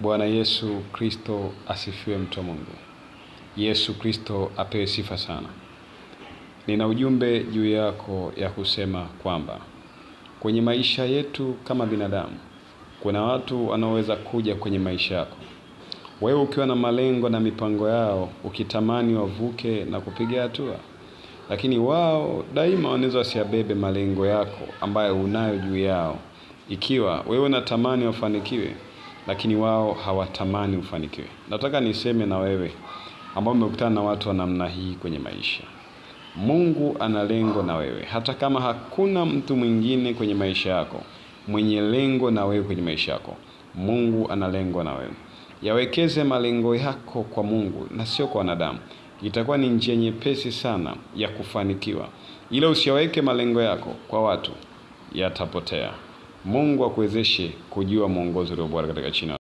Bwana Yesu Kristo asifiwe. Mtu wa Mungu, Yesu Kristo apewe sifa sana. Nina ujumbe juu yako ya kusema kwamba kwenye maisha yetu kama binadamu, kuna watu wanaoweza kuja kwenye maisha yako wewe ukiwa na malengo na mipango yao, ukitamani wavuke na kupiga hatua, lakini wao daima wanaweza wasiabebe malengo yako ambayo unayo juu yao. Ikiwa wewe unatamani wafanikiwe lakini wao hawatamani ufanikiwe. Nataka niseme na wewe ambao umekutana na watu wa namna hii kwenye maisha, Mungu ana lengo na wewe, hata kama hakuna mtu mwingine kwenye maisha yako mwenye lengo na wewe kwenye maisha yako. Mungu ana lengo na wewe. Yawekeze malengo yako kwa Mungu na sio kwa wanadamu. Itakuwa ni njia nyepesi sana ya kufanikiwa, ila usiyaweke malengo yako kwa watu, yatapotea. Mungu akuwezeshe kujua mwongozo ulio bora katika china